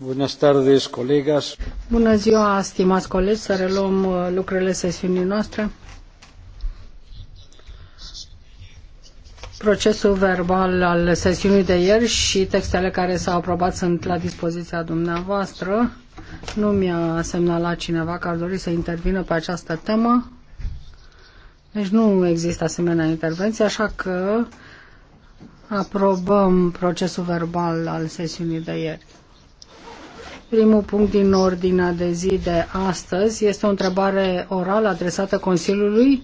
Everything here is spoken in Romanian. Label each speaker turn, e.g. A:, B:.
A: Buenas tardes, colegas.
B: Bună ziua, stimați colegi, să reluăm uh, lucrurile sesiunii noastre. Procesul verbal al sesiunii de ieri și textele care s-au aprobat sunt la dispoziția dumneavoastră. Nu mi-a semnalat cineva că ar dori să intervină pe această temă. Deci nu există asemenea intervenție, așa că aprobăm procesul verbal al sesiunii de ieri. Primul punct din ordinea de zi de astăzi este o întrebare orală adresată Consiliului